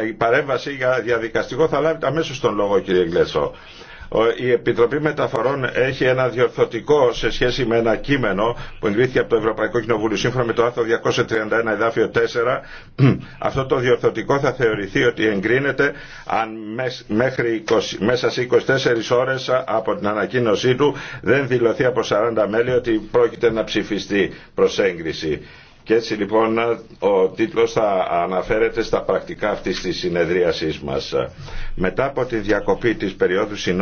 Ε, η παρέμβαση για διαδικαστικό θα λάβει αμέσως τον λόγο κύριε Γκλέσο. Η Επιτροπή Μεταφορών έχει ένα διορθωτικό σε σχέση με ένα κείμενο που εγκρίθηκε από το Ευρωπαϊκό Κοινοβούλιο σύμφωνα με το άρθρο 231 εδάφιο 4. Αυτό το διορθωτικό θα θεωρηθεί ότι εγκρίνεται αν μέχρι 20, μέσα σε 24 ώρες από την ανακοίνωσή του δεν δηλωθεί από 40 μέλη ότι πρόκειται να ψηφιστεί προς έγκριση. Και έτσι λοιπόν ο τίτλος θα αναφέρεται στα πρακτικά αυτής της συνεδρίασής μας. Μετά από τη διακοπή της περίοδου συνόδου